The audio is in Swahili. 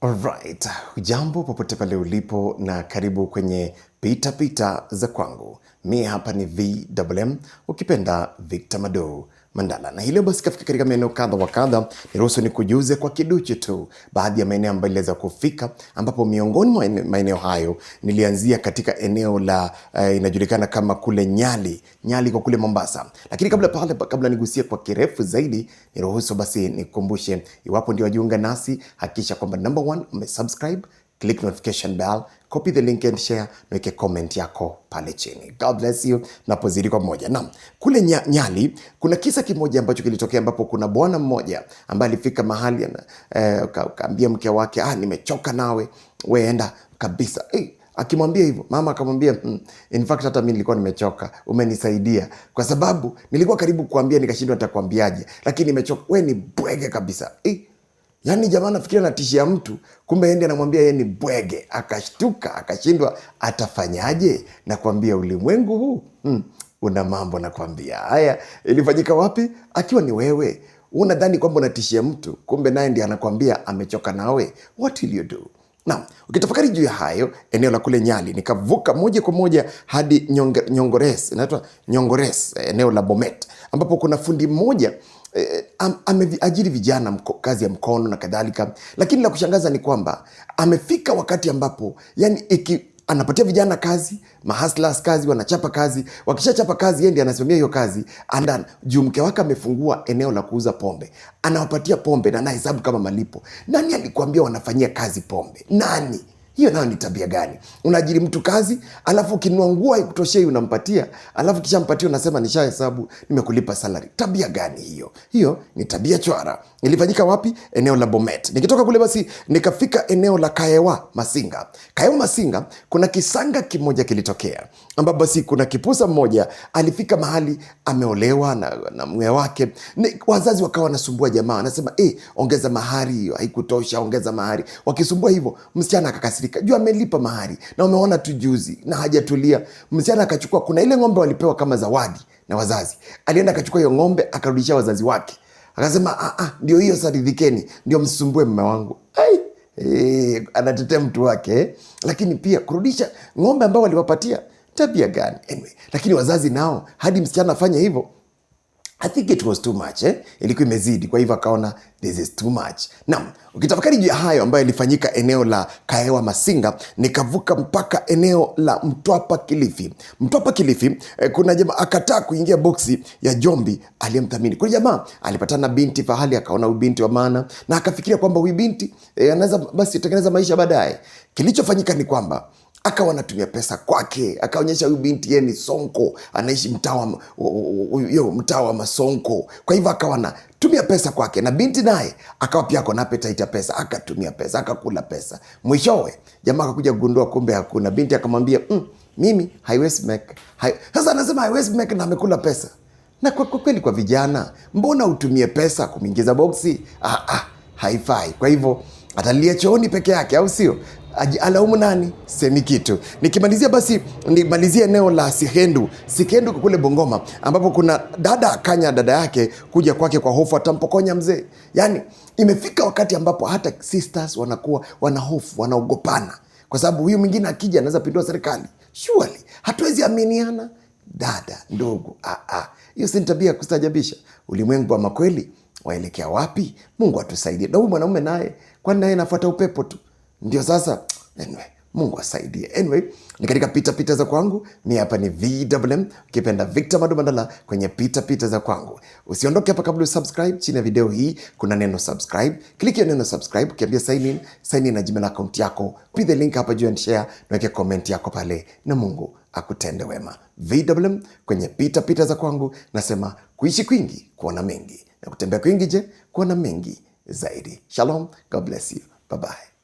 Alright, hujambo popote pale ulipo na karibu kwenye pita pita za kwangu. mi hapa ni VMM, ukipenda Victor Mado. Mandala. Na hilo basi kafika katika maeneo kadha wa kadha, niruhusu ni kujuze kwa kiduchu tu baadhi ya maeneo ambayo iliweza kufika, ambapo miongoni mwa maeneo hayo nilianzia katika eneo la eh, inajulikana kama kule Nyali, Nyali kwa kule Mombasa. Lakini kabla pale, kabla nigusie kwa kirefu zaidi, niruhusu basi nikukumbushe, iwapo ndio wajiunga nasi, hakikisha kwamba number one umesubscribe, click notification bell Copy the link and share, naweke comment yako pale chini. God bless you. Napozidi kwa mmoja. Naam, kule Nyali kuna kisa kimoja ambacho kilitokea ambapo kuna bwana mmoja ambaye alifika mahali eh, kaambia mke wake ah, nimechoka nawe weenda kabisa hey. Eh, akimwambia hivyo mama akamwambia mm, in fact hata mi nilikuwa nimechoka, umenisaidia kwa sababu nilikuwa karibu kuambia nikashindwa nitakwambiaje, lakini nimechoka. We ni bwege kabisa eh, Yaani jamaa nafikiri anatishia mtu, kumbe endi anamwambia yeye ni bwege. Akashtuka, akashindwa atafanyaje. Nakwambia ulimwengu huu hmm, una mambo nakwambia. Haya, ilifanyika wapi? Akiwa ni wewe unadhani kwamba unatishia mtu, kumbe naye ndi anakwambia amechoka nawe. What will you do? Na ukitafakari juu ya hayo, eneo la kule Nyali, nikavuka moja kwa moja hadi Nyongores, inaitwa Nyongores, eneo la Bomet ambapo kuna fundi mmoja eh, ameajiri vijana mko, kazi ya mkono na kadhalika, lakini la kushangaza ni kwamba amefika wakati ambapo yani iki, anapatia vijana kazi, mahaslas kazi, wanachapa kazi. Wakishachapa kazi, yeye ndiye anasimamia hiyo kazi Anda Juu mke wake amefungua eneo la kuuza pombe, anawapatia pombe na anahesabu kama malipo. Nani alikuambia wanafanyia kazi pombe? Nani? Hiyo nayo ni tabia gani? Unaajiri mtu kazi, alafu ukinua nguo haikutoshei unampatia, alafu kisha mpatia unasema hesabu nimekulipa salari Tabia gani hiyo? Hiyo ni tabia chwara. Ilifanyika wapi? Eneo la Bomet. Nikitoka kule basi nikafika eneo la Kaewa Masinga. Kaewa Masinga kuna kisanga kimoja kilitokea, ambapo basi kuna kipusa mmoja alifika mahali ameolewa na, na mwe wake ni, wazazi wakawa wanasumbua jamaa, anasema eh, ongeza mahari haikutosha, ongeza mahari, wakisumbua hivyo msichana akakasiri amepumzika juu amelipa mahari na umeona tu juzi na hajatulia msichana akachukua kuna ile ng'ombe walipewa kama zawadi na wazazi alienda akachukua hiyo ng'ombe akarudishia wazazi wake akasema ah, ah, ndio hiyo saridhikeni ndio msumbue mme wangu e, anatetea mtu wake eh? lakini pia kurudisha ng'ombe ambao waliwapatia tabia gani anyway, lakini wazazi nao hadi msichana afanye hivyo I think it was too much eh? Ilikuwa imezidi, kwa hivyo akaona this is too much. Naam, ukitafakari juu ya hayo ambayo ilifanyika eneo la Kaewa Masinga, nikavuka mpaka eneo la Mtwapa Kilifi. Mtwapa Kilifi eh, kuna jamaa akataa kuingia boksi ya Jombi aliyemthamini. Kuna jamaa alipatana binti fahali, akaona huyu binti wa maana na akafikiria kwamba huyu binti eh, anaweza basi tengeneza maisha baadaye. Kilichofanyika ni kwamba akawa anatumia pesa kwake, akaonyesha huyu binti yeye ni sonko, anaishi mtaa mtaa wa masonko. Kwa hivyo akawa anatumia pesa kwake, na binti naye akawa pia ako na appetite ya pesa, akatumia pesa, akakula pesa. Mwishowe jamaa akakuja kugundua kumbe hakuna. Binti akamwambia mm, mimi haiwezi make hai. Sasa anasema haiwezi make na amekula pesa. Na kwa kweli, kwa vijana, mbona utumie pesa kumingiza boksi? Ah, ah, haifai. Kwa hivyo atalia chooni peke yake, au sio? alaumu nani? Semi kitu. Nikimalizia basi nimalizie eneo la Sihendu. Sikendu kule Bungoma ambapo kuna dada akanya dada yake kuja kwake kwa hofu atampokonya mzee. Yani imefika wakati ambapo hata sisters wanakuwa wana hofu, wanaogopana kwa sababu huyu mwingine akija anaweza pindua serikali. Surely hatuwezi aminiana dada ndugu. Ah, ah. Hiyo si tabia kustajabisha. Ulimwengu wa makweli waelekea wapi? Mungu atusaidie. Na huyu mwanaume naye, kwani naye nafuata upepo tu ndio sasa anyway, Mungu asaidie. Anyway, ni katika pita pita za kwangu, ni hapa ni VMM, ukipenda Victor Madu Mandala kwenye pita pita za kwangu. Usiondoke hapa kabla usubscribe, chini ya video hii kuna neno subscribe. Click hiyo neno subscribe, ukiambia sign in, sign in na Gmail account yako. Piga link hapa juu and share, naweke comment yako pale na Mungu akutende wema. VMM kwenye pita pita za kwangu, nasema kuishi kwingi kuona mengi na kutembea kwingi, je, kuona mengi zaidi. Shalom, God bless you. Bye bye.